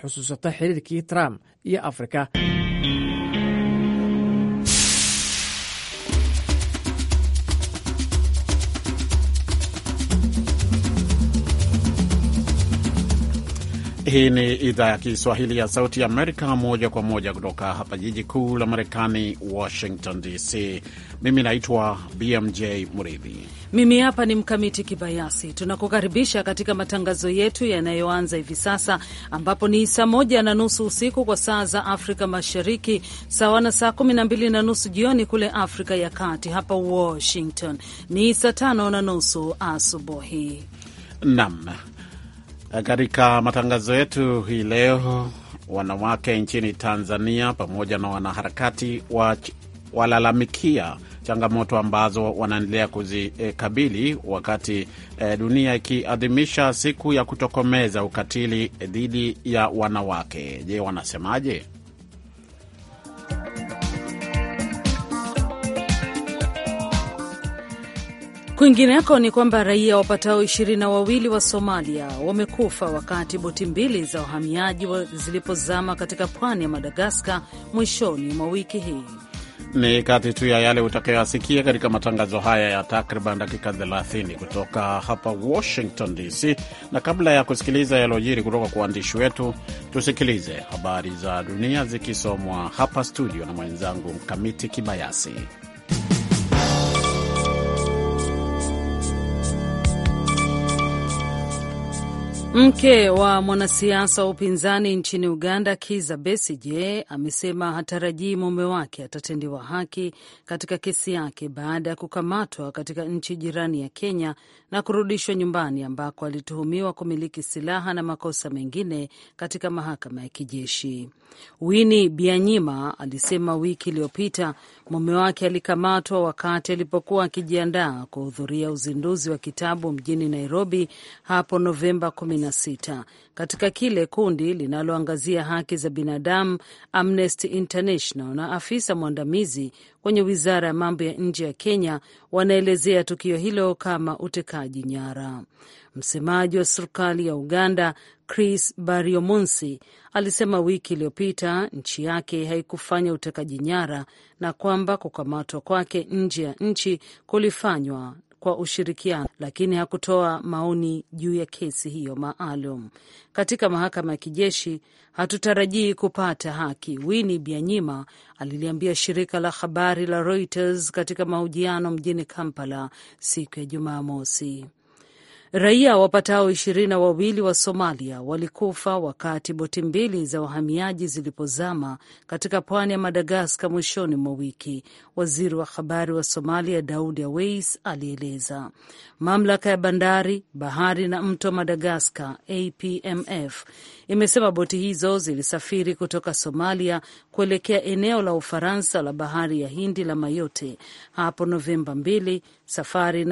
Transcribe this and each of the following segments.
xusuusata xiriirkii trump iyo afrika Hii ni idhaa ya Kiswahili ya Sauti ya Amerika, moja kwa moja kutoka hapa jiji kuu la Marekani, Washington DC. Mimi naitwa BMJ Mridhi. Mimi hapa ni Mkamiti Kibayasi. Tunakukaribisha katika matangazo yetu yanayoanza hivi sasa, ambapo ni saa moja na nusu usiku kwa saa za Afrika Mashariki, sawa na saa kumi na mbili na nusu jioni kule Afrika ya Kati. Hapa Washington ni saa tano na nusu asubuhi. Naam, katika matangazo yetu hii leo, wanawake nchini Tanzania pamoja na wanaharakati wa walalamikia changamoto ambazo wanaendelea kuzikabili wakati e, dunia ikiadhimisha siku ya kutokomeza ukatili eh, dhidi ya wanawake. Je, wanasemaje? Kwingineko ni kwamba raia wapatao ishirini na wawili wa Somalia wamekufa wakati boti mbili za wahamiaji wa zilipozama katika pwani ya Madagaskar mwishoni mwa wiki hii. Ni kati tu ya yale utakayoasikia katika matangazo haya ya takriban dakika 30 kutoka hapa Washington DC. Na kabla ya kusikiliza yalojiri kutoka kwa waandishi wetu, tusikilize habari za dunia zikisomwa hapa studio na mwenzangu Mkamiti Kibayasi. Mke wa mwanasiasa wa upinzani nchini Uganda, Kiza Besige, amesema hatarajii mume wake atatendewa haki katika kesi yake baada ya kukamatwa katika nchi jirani ya Kenya na kurudishwa nyumbani ambako alituhumiwa kumiliki silaha na makosa mengine katika mahakama ya kijeshi. wini bianyima alisema wiki iliyopita mume wake alikamatwa wakati alipokuwa akijiandaa kuhudhuria uzinduzi wa kitabu mjini Nairobi hapo Novemba 1 16 katika kile kundi linaloangazia haki za binadamu Amnesty International na afisa mwandamizi kwenye wizara ya mambo ya nje ya Kenya wanaelezea tukio hilo kama utekaji nyara. Msemaji wa serikali ya Uganda Chris bariomunsi alisema wiki iliyopita nchi yake haikufanya utekaji nyara na kwamba kukamatwa kwake nje ya nchi kulifanywa kwa ushirikiano, lakini hakutoa maoni juu ya kesi hiyo maalum katika mahakama ya kijeshi. Hatutarajii kupata haki, Winnie Byanyima aliliambia shirika la habari la Reuters katika mahojiano mjini Kampala siku ya Jumamosi. Raia wapatao ishirini na wawili wa Somalia walikufa wakati boti mbili za wahamiaji zilipozama katika pwani ya Madagaskar mwishoni mwa wiki, waziri wa habari wa Somalia Daud Aweis alieleza. Mamlaka ya bandari, bahari na mto Madagaskar APMF imesema boti hizo zilisafiri kutoka Somalia kuelekea eneo la Ufaransa la bahari ya Hindi la mayote hapo Novemba 2 safari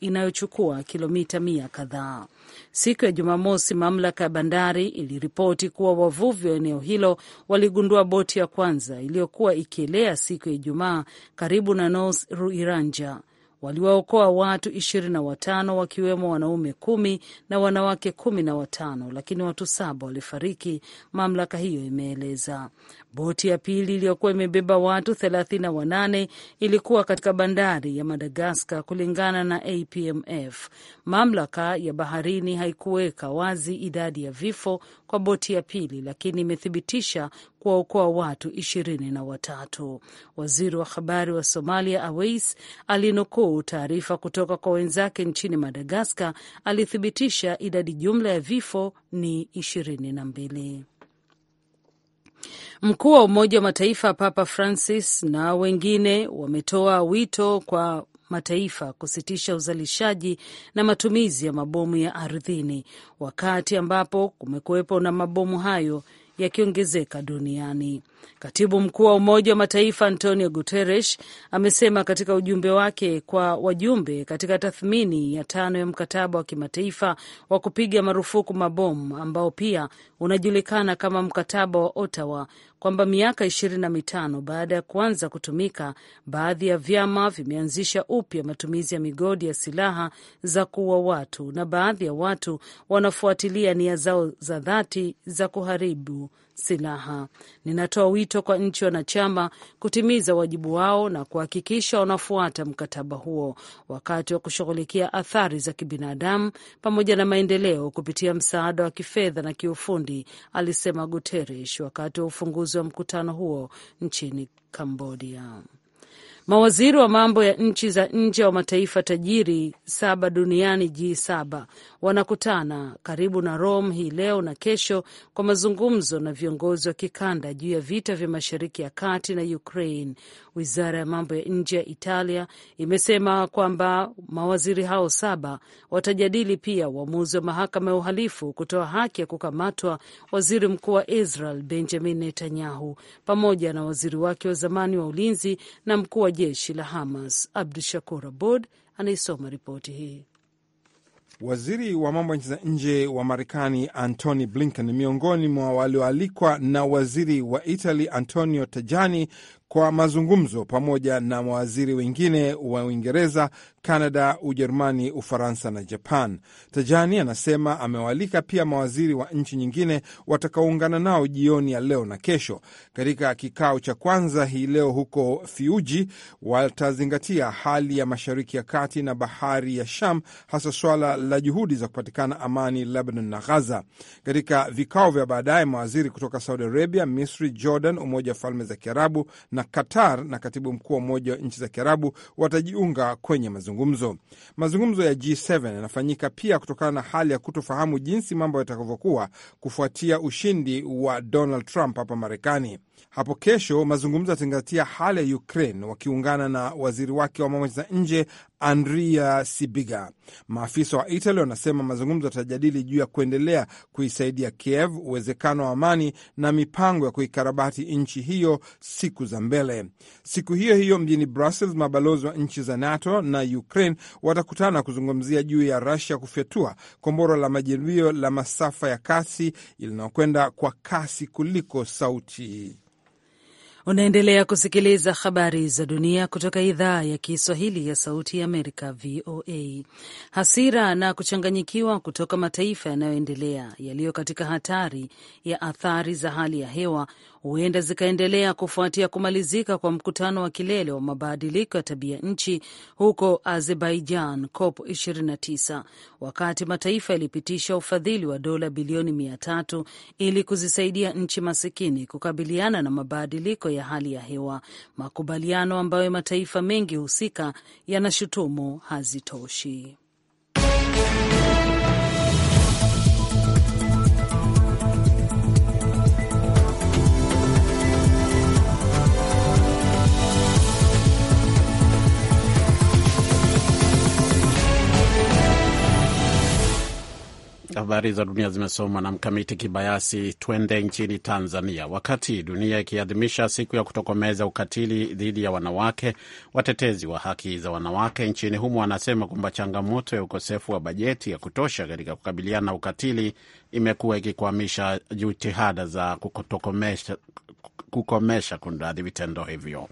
inayochukua kilomita mia kadhaa. Siku ya Jumamosi, mamlaka ya bandari iliripoti kuwa wavuvi wa eneo hilo waligundua boti ya kwanza iliyokuwa ikielea siku ya Ijumaa karibu na Nos Ruiranja waliwaokoa watu ishirini na watano wakiwemo wanaume kumi na wanawake kumi na watano lakini watu saba walifariki, mamlaka hiyo imeeleza. Boti ya pili iliyokuwa imebeba watu thelathini na wanane ilikuwa katika bandari ya Madagaskar kulingana na APMF. Mamlaka ya baharini haikuweka wazi idadi ya vifo kwa boti ya pili, lakini imethibitisha kuwaokoa watu ishirini na watatu. Waziri wa habari wa Somalia Awais alinukuu taarifa kutoka kwa wenzake nchini Madagaskar, alithibitisha idadi jumla ya vifo ni ishirini na mbili. Mkuu wa Umoja wa Mataifa Papa Francis na wengine wametoa wito kwa Mataifa kusitisha uzalishaji na matumizi ya mabomu ya ardhini, wakati ambapo kumekuwepo na mabomu hayo yakiongezeka duniani. Katibu mkuu wa Umoja wa Mataifa Antonio Guterres amesema katika ujumbe wake kwa wajumbe katika tathmini ya tano ya mkataba wa kimataifa wa kupiga marufuku mabomu ambao pia unajulikana kama mkataba wa Ottawa kwamba miaka ishirini na mitano baada ya kuanza kutumika, baadhi ya vyama vimeanzisha upya matumizi ya migodi ya silaha za kuua watu na baadhi ya watu wanafuatilia nia zao za dhati za kuharibu silaha. Ninatoa wito kwa nchi wanachama kutimiza wajibu wao na kuhakikisha wanafuata mkataba huo wakati wa kushughulikia athari za kibinadamu pamoja na maendeleo kupitia msaada wa kifedha na kiufundi, alisema Guterres wakati wa ufunguzi wa mkutano huo nchini Kambodia. Mawaziri wa mambo ya nchi za nje wa mataifa tajiri saba duniani G7 wanakutana karibu na Rome hii leo na kesho kwa mazungumzo na viongozi wa kikanda juu ya vita vya Mashariki ya Kati na Ukraine, Wizara ya mambo ya nje ya Italia imesema kwamba mawaziri hao saba watajadili pia uamuzi wa mahakama ya uhalifu kutoa haki ya kukamatwa waziri mkuu wa Israel Benjamin Netanyahu pamoja na waziri wake wa zamani wa ulinzi na mkuu wa jeshi la Hamas. Abdu Shakur Abod anaisoma ripoti hii. Waziri wa mambo ya za nje wa Marekani Antony Blinken miongoni mwa walioalikwa na waziri wa Italy Antonio Tajani kwa mazungumzo pamoja na mawaziri wengine wa Uingereza Canada, Ujerumani, Ufaransa na Japan. Tajani anasema amewaalika pia mawaziri wa nchi nyingine watakaoungana nao jioni ya leo na kesho. Katika kikao cha kwanza hii leo huko Fiuji, watazingatia hali ya Mashariki ya Kati na Bahari ya Sham, hasa swala la juhudi za kupatikana amani Lebanon na Ghaza. Katika vikao vya baadaye, mawaziri kutoka Saudi Arabia, Misri, Jordan, Umoja wa Falme za Kiarabu na Qatar na katibu mkuu wa Umoja wa Nchi za Kiarabu watajiunga kwenye mazungumzo mazungumzo. Mazungumzo ya G7 yanafanyika pia kutokana na hali ya kutofahamu jinsi mambo yatakavyokuwa kufuatia ushindi wa Donald Trump hapa Marekani. Hapo kesho mazungumzo yatazingatia hali ya Ukraine wakiungana na waziri wake wa mambo za nje andria Sibiga. Maafisa wa Italy wanasema mazungumzo yatajadili juu ya kuendelea kuisaidia Kiev, uwezekano wa amani na mipango ya kuikarabati nchi hiyo siku za mbele. Siku hiyo hiyo mjini Brussels, mabalozi wa nchi za NATO na Ukraine watakutana kuzungumzia juu ya rasia kufyatua kombora la majaribio la masafa ya kasi linalokwenda kwa kasi kuliko sauti. Unaendelea kusikiliza habari za dunia kutoka idhaa ya Kiswahili ya Sauti ya Amerika, VOA. Hasira na kuchanganyikiwa kutoka mataifa yanayoendelea yaliyo katika hatari ya athari za hali ya hewa huenda zikaendelea kufuatia kumalizika kwa mkutano wa kilele wa mabadiliko ya tabia nchi huko Azerbaijan, COP 29, wakati mataifa yalipitisha ufadhili wa dola bilioni 3 ili kuzisaidia nchi masikini kukabiliana na mabadiliko ya hali ya hewa, makubaliano ambayo mataifa mengi husika yanashutumu hazitoshi. Habari za dunia zimesomwa na Mkamiti Kibayasi. Twende nchini Tanzania. Wakati dunia ikiadhimisha siku ya kutokomeza ukatili dhidi ya wanawake, watetezi wa haki za wanawake nchini humo wanasema kwamba changamoto ya ukosefu wa bajeti ya kutosha katika kukabiliana na ukatili imekuwa ikikwamisha jitihada za kutokomesha kukomesha kundadhi vitendo hivyo.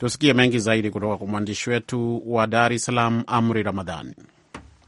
Tusikie mengi zaidi kutoka kwa mwandishi wetu wa Dar es Salaam, Amri Ramadhani.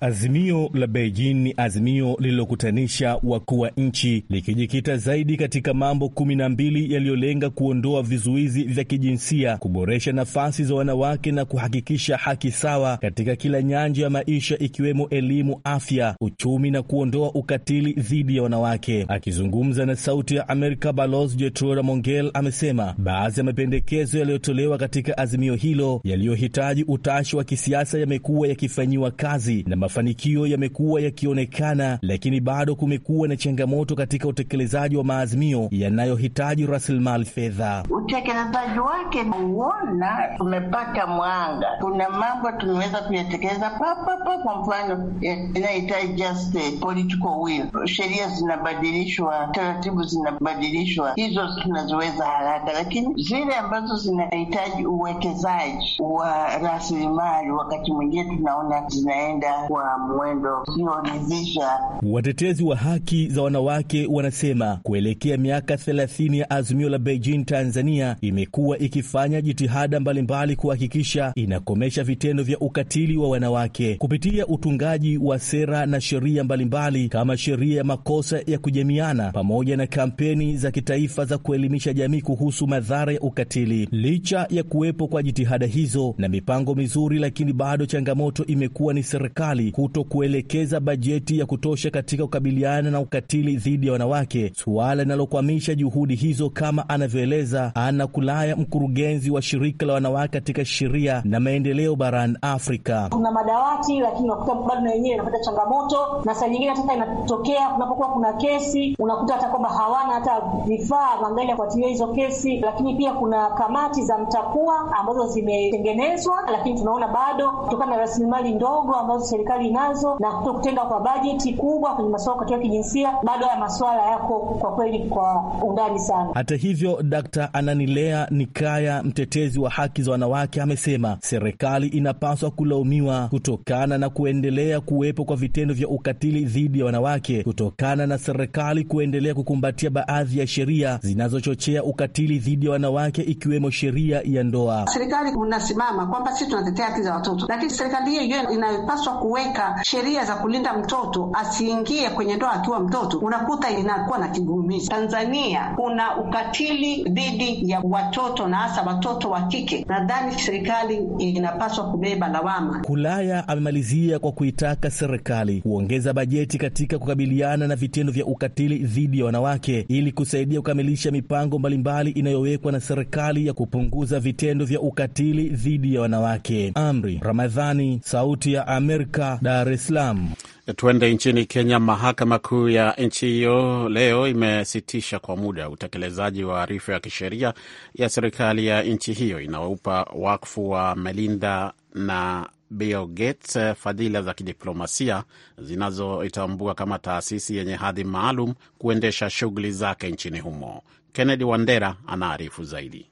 Azimio la Beijing ni azimio lililokutanisha wakuu wa nchi likijikita zaidi katika mambo kumi na mbili yaliyolenga kuondoa vizuizi vya kijinsia, kuboresha nafasi za wanawake na kuhakikisha haki sawa katika kila nyanja ya maisha ikiwemo elimu, afya, uchumi na kuondoa ukatili dhidi ya wanawake. Akizungumza na Sauti ya Amerika, Balozi Jetrora Mongel amesema baadhi ya mapendekezo yaliyotolewa katika azimio hilo yaliyohitaji utashi wa kisiasa yamekuwa yakifanyiwa kazi na Mafanikio yamekuwa yakionekana, lakini bado kumekuwa na changamoto katika utekelezaji wa maazimio yanayohitaji rasilimali fedha. Utekelezaji wake huona tumepata mwanga, kuna mambo tumeweza kuyatekeleza papapa. Kwa mfano inahitaji just eh, political will, sheria zinabadilishwa, taratibu zinabadilishwa, hizo tunazoweza haraka, lakini zile ambazo zinahitaji uwekezaji wa rasilimali, wakati mwingine tunaona zinaenda kuwa mwendo usioridhisha. Watetezi wa haki za wanawake wanasema kuelekea miaka 30 ya azimio la Beijing, Tanzania imekuwa ikifanya jitihada mbalimbali kuhakikisha inakomesha vitendo vya ukatili wa wanawake kupitia utungaji wa sera na sheria mbalimbali kama sheria ya makosa ya kujamiana pamoja na kampeni za kitaifa za kuelimisha jamii kuhusu madhara ya ukatili. Licha ya kuwepo kwa jitihada hizo na mipango mizuri, lakini bado changamoto imekuwa ni serikali kuto kutokuelekeza bajeti ya kutosha katika kukabiliana na ukatili dhidi ya wanawake, suala linalokwamisha juhudi hizo, kama anavyoeleza Ana Kulaya, mkurugenzi wa shirika la wanawake katika sheria na maendeleo barani Afrika. Kuna madawati lakini unakuta bado na wenyewe inapata changamoto, na saa nyingine hata inatokea kunapokuwa kuna kesi unakuta hata kwamba hawana hata vifaa mangali ya kuatilia hizo kesi, lakini pia kuna kamati za mtakua ambazo zimetengenezwa, lakini tunaona bado kutokana na rasilimali ndogo ambazo serikali mbali nazo na kutenga kwa bajeti kubwa kwenye masuala katika kijinsia, bado haya masuala yako kwa kweli kwa undani sana. Hata hivyo, Dkt. Ananilea Nikaya, mtetezi wa haki za wanawake, amesema serikali inapaswa kulaumiwa kutokana na kuendelea kuwepo kwa vitendo vya ukatili dhidi ya wanawake kutokana na serikali kuendelea kukumbatia baadhi ya sheria zinazochochea ukatili dhidi ya wanawake ikiwemo sheria ya ndoa. Serikali unasimama kwamba sisi tunatetea haki za watoto, lakini serikali hiyo inayopaswa kuweka kuweka sheria za kulinda mtoto asiingie kwenye ndoa akiwa mtoto, unakuta inakuwa na kigumizi. Tanzania kuna ukatili dhidi ya watoto na hasa watoto wa kike. Nadhani serikali inapaswa kubeba lawama. Kulaya amemalizia kwa kuitaka serikali kuongeza bajeti katika kukabiliana na vitendo vya ukatili dhidi ya wanawake ili kusaidia kukamilisha mipango mbalimbali inayowekwa na serikali ya kupunguza vitendo vya ukatili dhidi ya wanawake. Amri Ramadhani, Sauti ya Amerika, Dar es Salaam. Tuende nchini Kenya. Mahakama Kuu ya nchi hiyo leo imesitisha kwa muda utekelezaji wa arifa ya kisheria ya serikali ya nchi hiyo inaoupa wakfu wa Melinda na Bill Gates fadhila za kidiplomasia zinazoitambua kama taasisi yenye hadhi maalum kuendesha shughuli zake nchini humo. Kennedy Wandera anaarifu zaidi.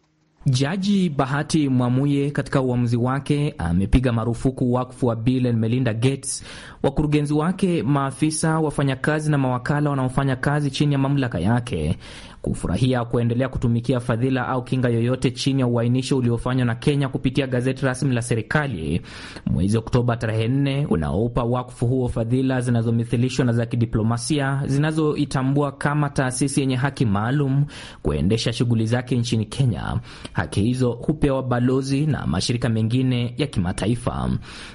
Jaji Bahati Mwamuye katika uamuzi wake amepiga marufuku wakfu wa Bill and Melinda Gates, wakurugenzi wake, maafisa, wafanyakazi na mawakala wanaofanya kazi chini ya mamlaka yake kufurahia kuendelea kutumikia fadhila au kinga yoyote chini ya uainisho uliofanywa na Kenya kupitia gazeti rasmi la serikali mwezi Oktoba tarehe 4 unaoupa wakfu huo fadhila zinazomithilishwa na za kidiplomasia zinazoitambua kama taasisi yenye haki maalum kuendesha shughuli zake nchini Kenya. Haki hizo hupewa balozi na mashirika mengine ya kimataifa.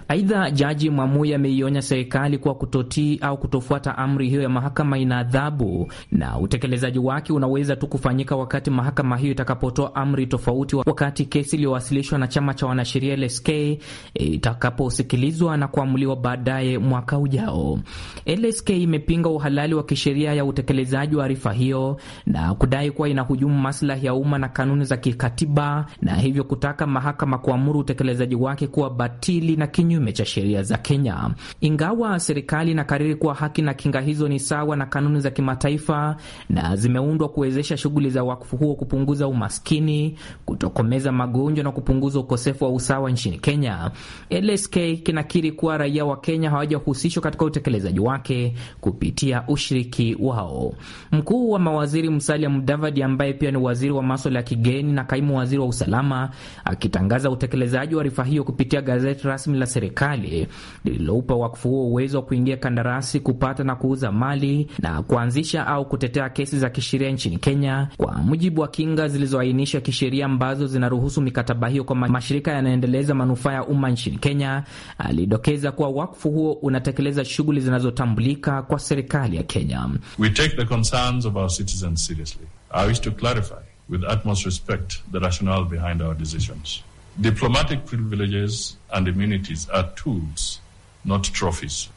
Aidha, Jaji Mwamuya ameionya serikali kuwa kutotii au kutofuata amri hiyo ya mahakama ina adhabu na utekelezaji wake unaweza tu kufanyika wakati mahakama hiyo itakapotoa amri tofauti, wakati kesi iliyowasilishwa na chama cha wanasheria LSK eh, itakaposikilizwa na kuamuliwa baadaye mwaka ujao. LSK imepinga uhalali wa kisheria ya utekelezaji wa arifa hiyo na kudai kuwa inahujumu maslahi ya umma na kanuni za kikatiba katiba na hivyo kutaka mahakama kuamuru utekelezaji wake kuwa batili na kinyume cha sheria za Kenya. Ingawa serikali inakariri kuwa haki na kinga hizo ni sawa na kanuni za kimataifa na zimeundwa kuwezesha shughuli za wakfu huo kupunguza umaskini, kutokomeza magonjwa na kupunguza ukosefu wa usawa nchini Kenya, LSK kinakiri kuwa raia wa Kenya hawajahusishwa katika utekelezaji wake kupitia ushiriki wao. Mkuu wa mawaziri Musalia Mudavadi ambaye pia ni waziri wa maswala ya kigeni na kaimu waziri wa usalama akitangaza utekelezaji wa rifa hiyo kupitia gazeti rasmi la serikali lililoupa wakfu huo uwezo wa kuingia kandarasi, kupata na kuuza mali na kuanzisha au kutetea kesi za kisheria nchini Kenya kwa mujibu wa kinga zilizoainishwa kisheria ambazo zinaruhusu mikataba hiyo kwa mashirika yanaendeleza manufaa ya umma nchini Kenya. Alidokeza kuwa wakfu huo unatekeleza shughuli zinazotambulika kwa serikali ya Kenya. We take the concerns of our citizens seriously. I wish to clarify with utmost respect the rationale behind our decisions. Diplomatic privileges and immunities are tools, not trophies.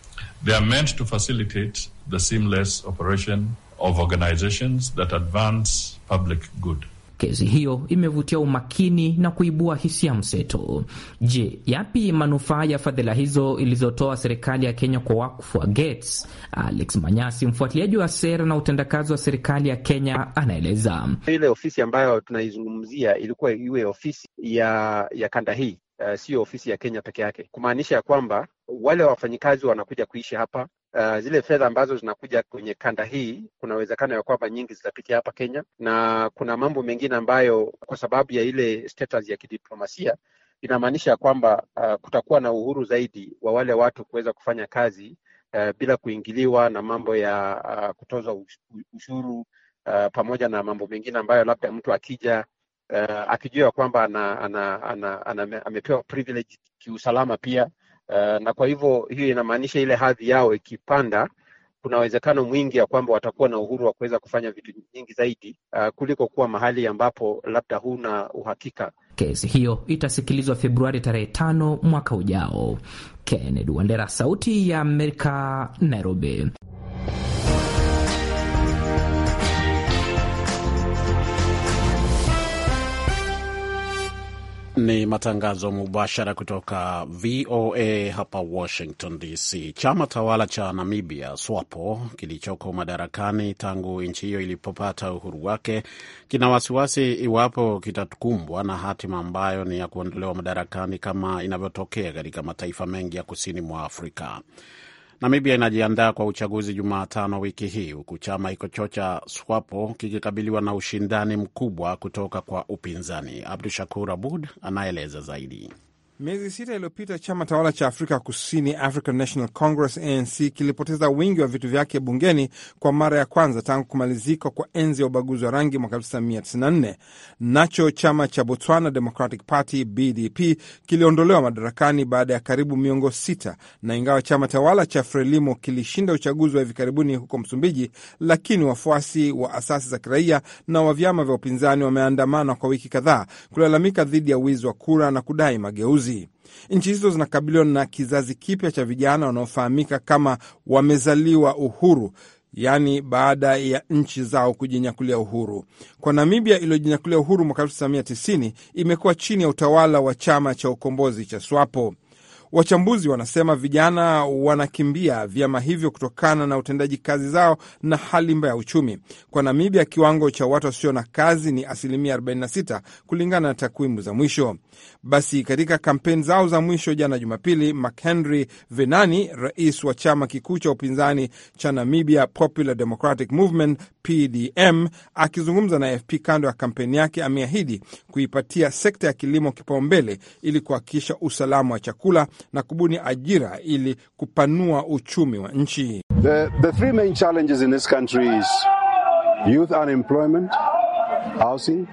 They are meant to facilitate the seamless operation of organizations that advance public good. Kesi hiyo imevutia umakini na kuibua hisia mseto. Je, yapi manufaa ya fadhila hizo ilizotoa serikali ya Kenya kwa wakfu wa Gates? Alex Manyasi, mfuatiliaji wa sera na utendakazi wa serikali ya Kenya, anaeleza. Ile ofisi ambayo tunaizungumzia ilikuwa iwe ofisi ya, ya kanda hii, uh, eh, siyo ofisi ya Kenya peke yake, kumaanisha ya kwamba wale wafanyikazi wanakuja kuishi hapa, uh, zile fedha ambazo zinakuja kwenye kanda hii, kuna uwezekano ya kwamba nyingi zitapitia hapa Kenya, na kuna mambo mengine ambayo kwa sababu ya ile status ya kidiplomasia inamaanisha kwamba uh, kutakuwa na uhuru zaidi wa wale watu kuweza kufanya kazi uh, bila kuingiliwa na mambo ya uh, kutoza ushuru uh, pamoja na mambo mengine ambayo labda mtu akija uh, akijua kwamba ana, ana, ana, ana, ana, amepewa privilege kiusalama pia uh, na kwa hivyo hiyo inamaanisha ile hadhi yao ikipanda, kuna uwezekano mwingi ya kwamba watakuwa na uhuru wa kuweza kufanya vitu nyingi zaidi uh, kuliko kuwa mahali ambapo labda huna uhakika. Kesi hiyo itasikilizwa Februari tarehe tano mwaka ujao. Kennedy Wandera, Sauti ya Amerika, Nairobi. Ni matangazo mubashara kutoka VOA hapa Washington DC. Chama tawala cha Namibia, SWAPO, kilichoko madarakani tangu nchi hiyo ilipopata uhuru wake, kina wasiwasi iwapo kitakumbwa na hatima ambayo ni ya kuondolewa madarakani kama inavyotokea katika mataifa mengi ya kusini mwa Afrika. Namibia inajiandaa kwa uchaguzi Jumatano wiki hii huku chama hicho cha SWAPO kikikabiliwa na ushindani mkubwa kutoka kwa upinzani. Abdu Shakur Abud anaeleza zaidi. Miezi sita iliyopita chama tawala cha Afrika Kusini, African National Congress, ANC, kilipoteza wingi wa vitu vyake bungeni kwa mara ya kwanza tangu kumalizika kwa enzi ya ubaguzi wa rangi mwaka 1994. Nacho chama cha Botswana Democratic Party, BDP, kiliondolewa madarakani baada ya karibu miongo sita, na ingawa chama tawala cha Frelimo kilishinda uchaguzi wa hivi karibuni huko Msumbiji, lakini wafuasi wa asasi za kiraia na wa vyama vya upinzani wameandamana kwa wiki kadhaa kulalamika dhidi ya wizi wa kura na kudai mageuzi Nchi hizo zinakabiliwa na kizazi kipya cha vijana wanaofahamika kama wamezaliwa uhuru, yaani baada ya nchi zao kujinyakulia uhuru. Kwa Namibia iliyojinyakulia uhuru mwaka 1990 imekuwa chini ya utawala wa chama cha ukombozi cha SWAPO. Wachambuzi wanasema vijana wanakimbia vyama hivyo kutokana na utendaji kazi zao na hali mbaya ya uchumi. Kwa Namibia, kiwango cha watu wasio na kazi ni asilimia 46 kulingana na takwimu za mwisho. Basi katika kampeni zao za mwisho jana Jumapili, McHenry Venani, rais wa chama kikuu cha upinzani cha Namibia Popular Democratic Movement PDM, akizungumza na AFP kando ya kampeni yake, ameahidi kuipatia sekta ya kilimo kipaumbele ili kuhakikisha usalama wa chakula na kubuni ajira ili kupanua uchumi wa nchi. The, the three main challenges in this country is youth unemployment, housing.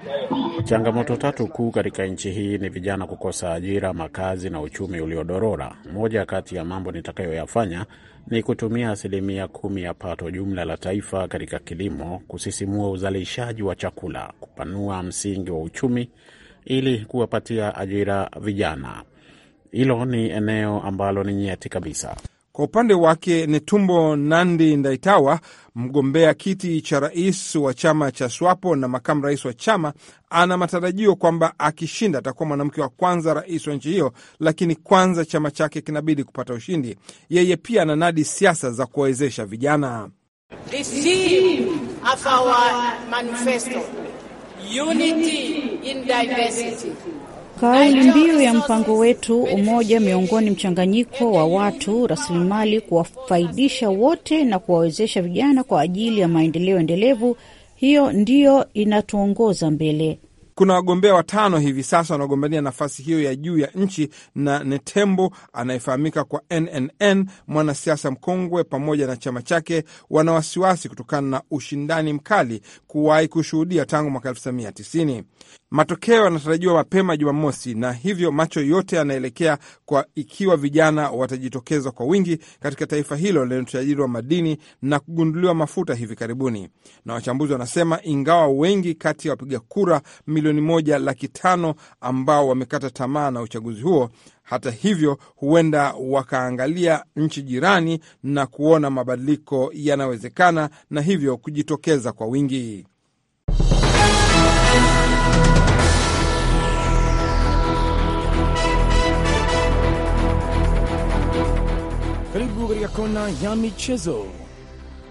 Changamoto tatu kuu katika nchi hii ni vijana kukosa ajira, makazi na uchumi uliodorora. Moja kati ya mambo nitakayoyafanya ni kutumia asilimia kumi ya pato jumla la taifa katika kilimo, kusisimua uzalishaji wa chakula, kupanua msingi wa uchumi ili kuwapatia ajira vijana hilo ni eneo ambalo ni nyeti kabisa. Kwa upande wake Netumbo Nandi Ndaitawa, mgombea kiti cha rais wa chama cha SWAPO na makamu rais wa chama, ana matarajio kwamba akishinda atakuwa mwanamke wa kwanza rais wa nchi hiyo, lakini kwanza chama chake kinabidi kupata ushindi. Yeye pia ananadi siasa za kuwawezesha vijana Kauli mbiu ya mpango wetu umoja miongoni mchanganyiko wa watu, rasilimali, kuwafaidisha wote na kuwawezesha vijana kwa ajili ya maendeleo endelevu, hiyo ndiyo inatuongoza mbele. Kuna wagombea watano hivi sasa wanaogombania nafasi hiyo ya juu ya nchi na Netembo anayefahamika kwa NNN, mwanasiasa mkongwe, pamoja na chama chake wana wasiwasi kutokana na ushindani mkali kuwahi kushuhudia tangu mwaka 1990. Matokeo yanatarajiwa mapema Jumamosi, na hivyo macho yote yanaelekea kwa ikiwa vijana watajitokeza kwa wingi katika taifa hilo lenye utajiri wa madini na kugunduliwa mafuta hivi karibuni. Na wachambuzi wanasema ingawa wengi kati ya wapiga kura milioni moja laki tano ambao wamekata tamaa na uchaguzi huo, hata hivyo, huenda wakaangalia nchi jirani na kuona mabadiliko yanawezekana na hivyo kujitokeza kwa wingi. Karibu katika kona ya michezo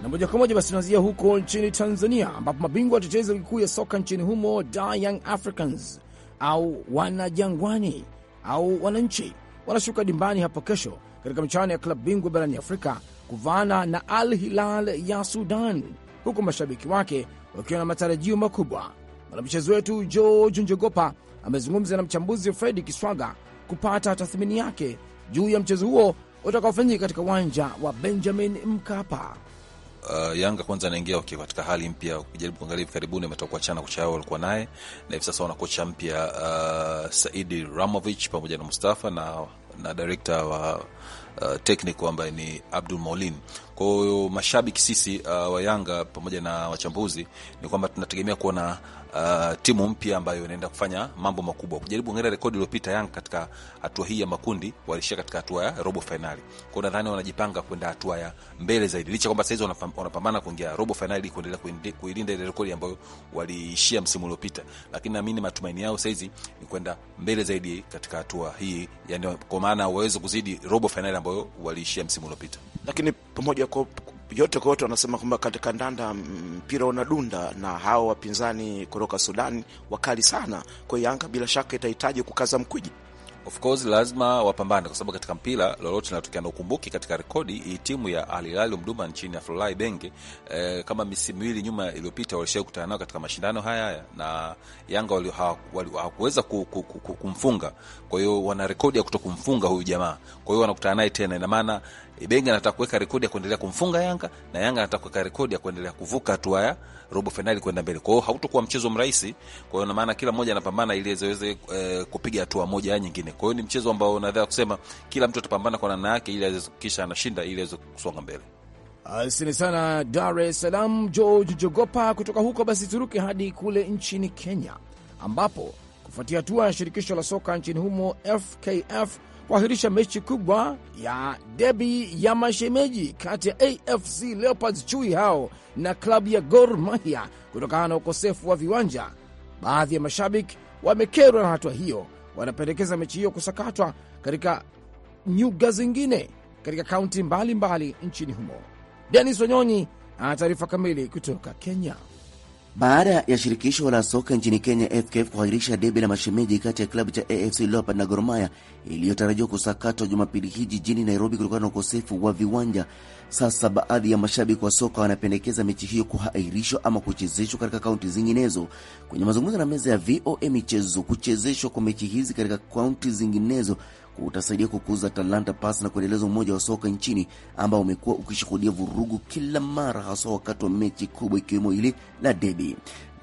na moja kwa moja basi tunaanzia huko nchini Tanzania, ambapo mabingwa watetezi ligi kuu ya soka nchini humo da Young Africans au wanajangwani au wananchi wanashuka dimbani hapo kesho katika michuano ya klabu bingwa barani Afrika kuvaana na Al Hilal ya Sudan, huku mashabiki wake wakiwa na matarajio makubwa. Mwanamchezo wetu George Njogopa amezungumza na mchambuzi Fredi Kiswaga kupata tathmini yake juu ya mchezo huo utakaofanyika katika uwanja wa Benjamin Mkapa. Uh, Yanga kwanza anaingia okay, katika hali mpya. Ukijaribu kuangalia hivi karibuni ametoka kuachana kocha yao walikuwa naye, na hivi sasa wana kocha mpya uh, Saidi Ramovich pamoja na Mustafa na, na direkta wa uh, technical ambaye ni Abdul Maulin. Kwa hiyo mashabiki sisi uh, wa Yanga pamoja na wachambuzi ni kwamba tunategemea kuona uh, timu mpya ambayo inaenda kufanya mambo makubwa. Kujaribu kuangalia rekodi iliyopita, Yang katika hatua hii ya makundi walishia katika hatua ya robo finali. Kwa hiyo nadhani wanajipanga kwenda hatua ya mbele zaidi, licha kwamba saizi wanapambana kuingia robo finali kuendelea kuilinda ile rekodi ambayo waliishia msimu uliopita, lakini naamini matumaini yao saizi ni kwenda mbele zaidi katika hatua hii, yani kwa maana waweze kuzidi robo finali ambayo waliishia msimu uliopita, lakini pamoja kwa yote kwa yote, wanasema kwamba katika ndanda mm, mpira unadunda, na hawa wapinzani kutoka Sudani wakali sana. Kwa hiyo Yanga bila shaka itahitaji kukaza mkwiji. Of course lazima wapambane, kwa sababu katika mpira lolote linatokea, na ukumbuki katika rekodi hii timu ya Al Hilal Omdurman nchini Afrolai Benge eh, kama misimu miwili nyuma iliyopita walishai nao katika mashindano haya haya, na Yanga hawakuweza ku, ku, ku, ku, kumfunga. Kwa hiyo wana rekodi ya kuto kumfunga huyu jamaa, kwa hiyo wanakutana naye tena, ina maana Benga anataka kuweka rekodi ya kuendelea kumfunga Yanga na Yanga anataka kuweka rekodi ya kuendelea kuvuka hatua ya robo fainali kwenda mbele. Kwa hiyo hautakuwa mchezo mrahisi, kwa hiyo na maana kila mmoja anapambana ili aweze e, eh, kupiga hatua moja ya nyingine. Kwa hiyo ni mchezo ambao nadhani kusema kila mtu atapambana kwa namna yake ili aweze kisha anashinda ili aweze kusonga mbele. Asante sana Dar es Salaam, George Jogopa. Kutoka huko basi turuke hadi kule nchini Kenya ambapo kufuatia hatua ya shirikisho la soka nchini humo FKF kuahirisha mechi kubwa ya debi ya mashemeji kati ya AFC Leopards chui hao na klabu ya Gor Mahia kutokana na ukosefu wa viwanja. Baadhi ya mashabiki wamekerwa na hatua hiyo, wanapendekeza mechi hiyo kusakatwa katika nyuga zingine katika kaunti mbalimbali nchini humo. Denis Wanyonyi ana taarifa kamili kutoka Kenya. Baada ya shirikisho la soka nchini Kenya FKF kuahirisha debe la mashemeji kati ya klabu cha AFC Leopards na Gor Mahia iliyotarajiwa kusakatwa Jumapili hii jijini Nairobi kutokana na ukosefu wa viwanja, sasa baadhi ya mashabiki wa soka wanapendekeza mechi hiyo kuhairishwa ama kuchezeshwa katika kaunti zinginezo. Kwenye mazungumzo na meza ya VOA michezo, kuchezeshwa kwa mechi hizi katika kaunti zinginezo kutasaidia kukuza talanta pas na kuendeleza umoja wa soka nchini ambao umekuwa ukishuhudia vurugu kila mara, hasa wakati wa mechi kubwa ikiwemo ile la debi.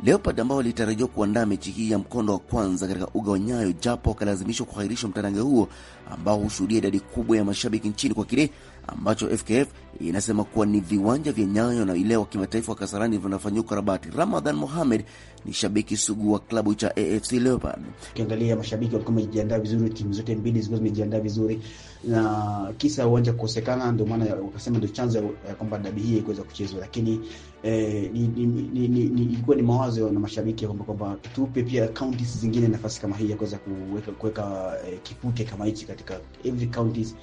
Leopard ambao walitarajiwa kuandaa mechi hii ya mkondo wa kwanza katika uga wa Nyayo, japo wakalazimishwa kuhairishwa mtanange huo ambao hushuhudia idadi kubwa ya mashabiki nchini kwa kile ambacho FKF inasema kuwa ni viwanja vya Nyayo na ile wa kimataifa wa Kasarani vinafanyia ukarabati. Ramadhan Mohamed ni shabiki sugu wa klabu cha AFC Leopard. Ukiangalia mashabiki walikuwa wamejiandaa vizuri, timu zote mbili zilikuwa zimejiandaa vizuri, na kisa uwanja kukosekana, ndio maana wakasema ndio chanzo ya kwamba dabi hii ikuweza kuchezwa, lakini eh, ni mawazo na mashabiki kwamba kwamba tupe pia counties zingine nafasi kama hii ya kuweza kuweka kuweka eh, kipute kama hichi katika every counties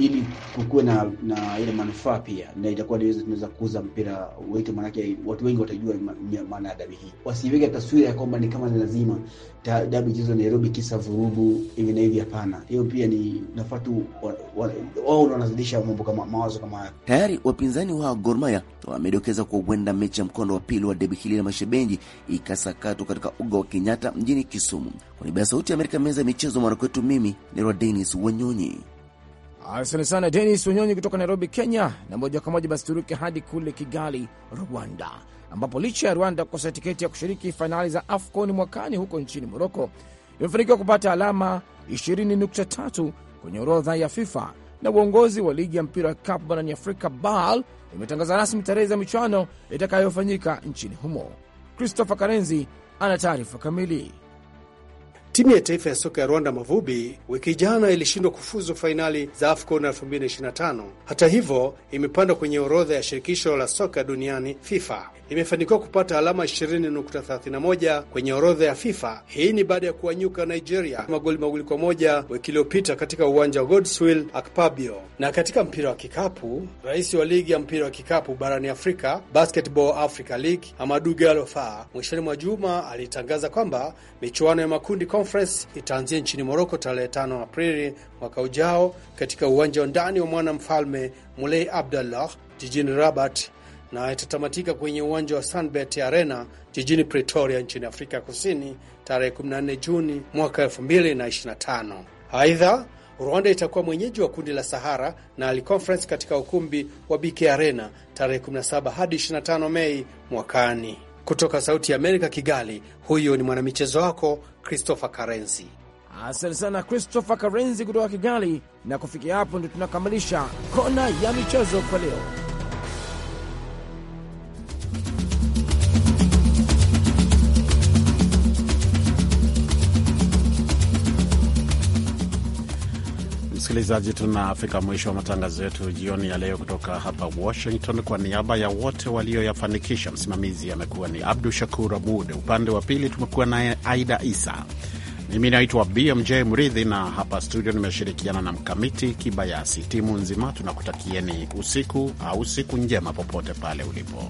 ili kukuwe na na ile manufaa pia, na itakuwa tunaweza kuuza mpira wetu, maanake watu wengi watajua maana ya dabi hii. Wasiweke taswira ya kwamba ni kama ni lazima dabi chezo Nairobi kisa vurugu hivi na hivi. Hapana, hiyo pia ni nafatu wao wanazidisha mambo kama mawazo kama haya. Tayari wapinzani wa Gor Mahia wamedokeza kwa huenda mechi ya mkondo wa pili wa debi hili la mashebenji ikasakatwa katika uga wa Kenyatta mjini Kisumu. Kwa niaba ya Sauti ya Amerika, meza ya michezo, mwanakwetu, mimi ni Denis Wanyonyi. Asante sana Denis Wanyonyi kutoka Nairobi, Kenya. Na moja kwa moja basi turuke hadi kule Kigali, Rwanda, ambapo licha ya Rwanda kukosa tiketi ya kushiriki fainali za AFCON mwakani huko nchini Moroko, imefanikiwa kupata alama 20.3 kwenye orodha ya FIFA na uongozi wa ligi ya mpira wa kikapu barani Afrika BAL imetangaza rasmi tarehe za michuano itakayofanyika nchini humo. Christopher Karenzi ana taarifa kamili. Timu ya taifa ya soka ya Rwanda, Mavubi, wiki jana ilishindwa kufuzu fainali za AFCON 2025. Hata hivyo, imepandwa kwenye orodha ya shirikisho la soka duniani FIFA. Imefanikiwa kupata alama 20.31 kwenye orodha ya FIFA. Hii ni baada ya kuwanyuka Nigeria magoli mawili kwa moja wiki iliyopita katika uwanja wa Godswill Akpabio. Na katika mpira wa kikapu, rais wa ligi ya mpira wa kikapu barani Afrika, Basketball Africa League, Amadou Diallo mwishoni mwa juma alitangaza kwamba michuano ya makundi Conference itaanzia nchini Moroko tarehe 5 Aprili mwaka ujao katika uwanja wa ndani wa mwana mfalme Mulei Abdullah jijini Rabat na itatamatika kwenye uwanja wa Sunbet Arena jijini Pretoria nchini Afrika Kusini tarehe 14 Juni mwaka 2025. Aidha, Rwanda itakuwa mwenyeji wa kundi la Sahara na Ali Conference katika ukumbi wa BK Arena tarehe 17 hadi 25 Mei mwakani. Kutoka Sauti ya Amerika Kigali, huyo ni mwanamichezo wako Christopher Karenzi. Asante sana Christopher Karenzi kutoka Kigali. Na kufikia hapo, ndio tunakamilisha kona ya michezo kwa leo. msikilizaji, tunafika mwisho wa matangazo yetu jioni ya leo kutoka hapa Washington. Kwa niaba ya wote walioyafanikisha, msimamizi amekuwa ni Abdu Shakur Abud, upande wa pili tumekuwa naye Aida Isa, mimi naitwa BMJ Mridhi na hapa studio nimeshirikiana na Mkamiti Kibayasi. Timu nzima tunakutakieni usiku au siku njema popote pale ulipo.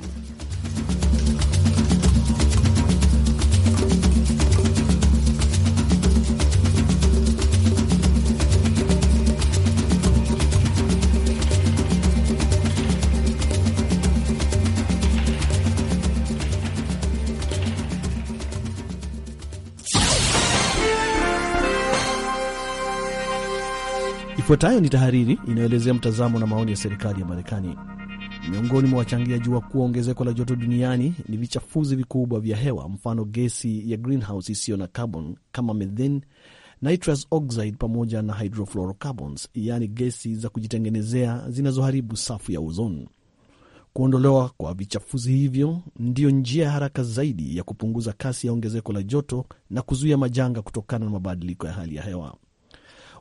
Ifuatayo ni tahariri inayoelezea mtazamo na maoni ya serikali ya Marekani. Miongoni mwa wachangiaji wa kuwa ongezeko la joto duniani ni vichafuzi vikubwa vya hewa, mfano gesi ya greenhouse isiyo na carbon kama methane, nitrous oxide pamoja na hydrofluorocarbons, yaani gesi za kujitengenezea zinazoharibu safu ya ozoni. Kuondolewa kwa vichafuzi hivyo ndiyo njia ya haraka zaidi ya kupunguza kasi ya ongezeko la joto na kuzuia majanga kutokana na mabadiliko ya hali ya hewa.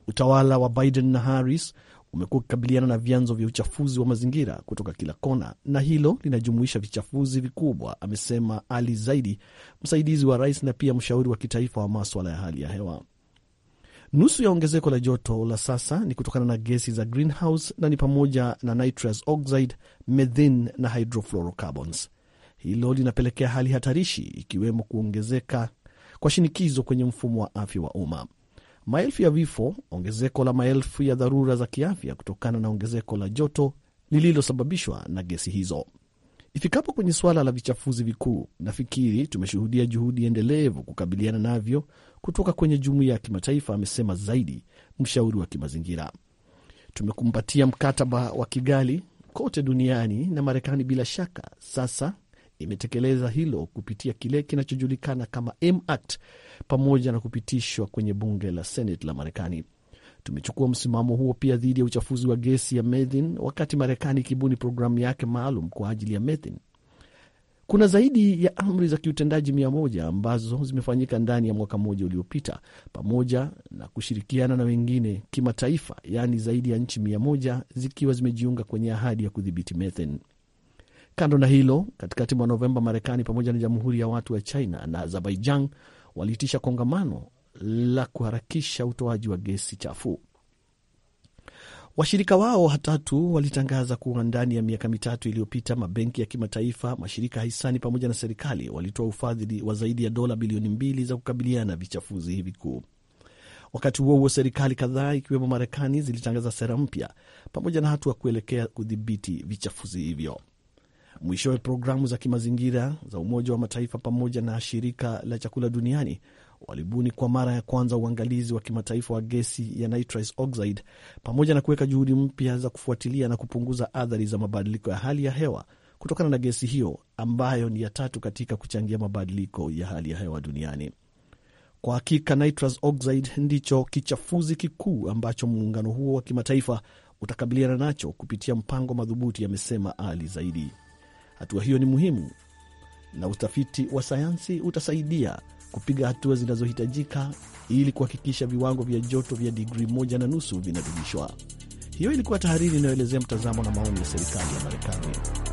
Utawala wa Biden na Harris umekuwa ukikabiliana na vyanzo vya uchafuzi wa mazingira kutoka kila kona, na hilo linajumuisha vichafuzi vikubwa, amesema Ali Zaidi, msaidizi wa rais na pia mshauri wa kitaifa wa maswala ya hali ya hewa. Nusu ya ongezeko la joto la sasa ni kutokana na gesi za greenhouse na ni pamoja na nitrous oxide, methane na hydrofluorocarbons. Hilo linapelekea hali hatarishi, ikiwemo kuongezeka kwa shinikizo kwenye mfumo wa afya wa umma maelfu ya vifo, ongezeko la maelfu ya dharura za kiafya kutokana na ongezeko la joto lililosababishwa na gesi hizo. Ifikapo kwenye suala la vichafuzi vikuu, nafikiri tumeshuhudia juhudi endelevu kukabiliana navyo kutoka kwenye jumuiya ya kimataifa, amesema zaidi mshauri wa kimazingira. Tumekumbatia mkataba wa Kigali kote duniani na Marekani bila shaka sasa imetekeleza hilo kupitia kile kinachojulikana kama MACT pamoja na kupitishwa kwenye bunge la Senate la Marekani. Tumechukua msimamo huo pia dhidi ya uchafuzi wa gesi ya methane, wakati Marekani ikibuni programu yake maalum kwa ajili ya methane. Kuna zaidi ya amri za kiutendaji mia moja ambazo zimefanyika ndani ya mwaka mmoja uliopita, pamoja na kushirikiana na wengine kimataifa, yaani zaidi ya nchi mia moja zikiwa zimejiunga kwenye ahadi ya kudhibiti methane. Kando na hilo, katikati mwa Novemba, Marekani pamoja na Jamhuri ya Watu wa China na Azerbaijan waliitisha kongamano la kuharakisha utoaji wa gesi chafu. Washirika wao watatu walitangaza kuwa ndani ya miaka mitatu iliyopita mabenki ya kimataifa, mashirika hisani pamoja na serikali walitoa ufadhili wa zaidi ya dola bilioni mbili za kukabiliana na vichafuzi hivi kuu. Wakati huo huo, serikali kadhaa ikiwemo Marekani zilitangaza sera mpya pamoja na hatua kuelekea kudhibiti vichafuzi hivyo. Mwishowe, programu za kimazingira za Umoja wa Mataifa pamoja na Shirika la Chakula Duniani walibuni kwa mara ya kwanza uangalizi wa kimataifa wa gesi ya nitrous oxide pamoja na kuweka juhudi mpya za kufuatilia na kupunguza athari za mabadiliko ya hali ya hewa kutokana na gesi hiyo ambayo ni ya tatu katika kuchangia mabadiliko ya hali ya hewa duniani. Kwa hakika nitrous oxide ndicho kichafuzi kikuu ambacho muungano huo wa kimataifa utakabiliana nacho kupitia mpango madhubuti, amesema Ali Zaidi. Hatua hiyo ni muhimu na utafiti wa sayansi utasaidia kupiga hatua zinazohitajika ili kuhakikisha viwango vya joto vya digrii moja na nusu vinadumishwa. Hiyo ilikuwa tahariri inayoelezea mtazamo na maoni ya serikali ya Marekani.